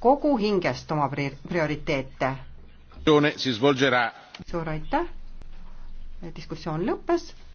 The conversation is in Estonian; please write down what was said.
kogu hingest oma prioriteete. suur aitäh, diskussioon lõppes.